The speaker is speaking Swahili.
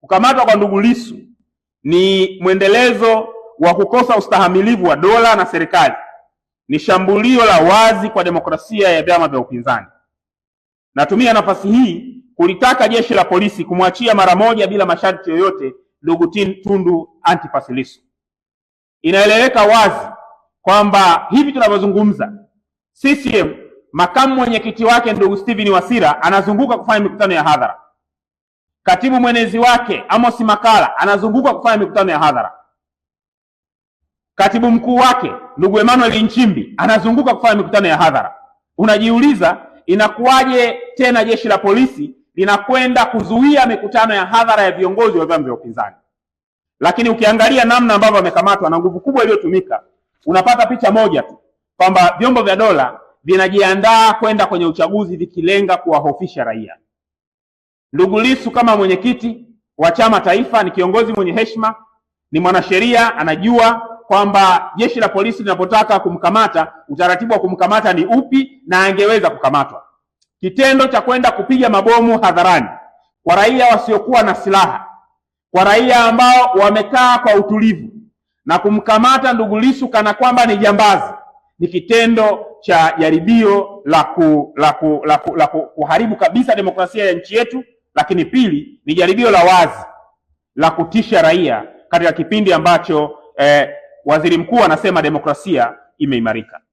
Kukamatwa kwa ndugu lisu ni mwendelezo wa kukosa ustahamilivu wa dola na serikali, ni shambulio la wazi kwa demokrasia ya vyama vya upinzani. Natumia nafasi hii kulitaka jeshi la polisi kumwachia mara moja bila masharti yoyote ndugu Tundu Antipas Lissu. Inaeleweka wazi kwamba hivi tunavyozungumza, CCM makamu mwenyekiti wake ndugu Steven Wasira anazunguka kufanya mikutano ya hadhara Katibu mwenezi wake Amos makala anazunguka kufanya mikutano ya hadhara. Katibu mkuu wake ndugu Emmanuel Nchimbi anazunguka kufanya mikutano ya hadhara. Unajiuliza, inakuwaje tena jeshi la polisi linakwenda kuzuia mikutano ya hadhara ya viongozi wa vyama vya upinzani? Lakini ukiangalia namna ambavyo wamekamatwa na nguvu kubwa iliyotumika, unapata picha moja tu kwamba vyombo vya dola vinajiandaa kwenda kwenye uchaguzi vikilenga kuwahofisha raia. Ndugu Lissu kama mwenyekiti wa chama taifa ni kiongozi mwenye heshima, ni mwanasheria, anajua kwamba jeshi la polisi linapotaka kumkamata utaratibu wa kumkamata ni upi, na angeweza kukamatwa. Kitendo cha kwenda kupiga mabomu hadharani kwa raia wasiokuwa na silaha, kwa raia ambao wamekaa kwa utulivu na kumkamata ndugu Lissu kana kwamba ni jambazi, ni kitendo cha jaribio la ku, la ku, la ku, la ku, kuharibu kabisa demokrasia ya nchi yetu lakini pili ni jaribio la wazi la kutisha raia katika kipindi ambacho eh, waziri mkuu anasema demokrasia imeimarika.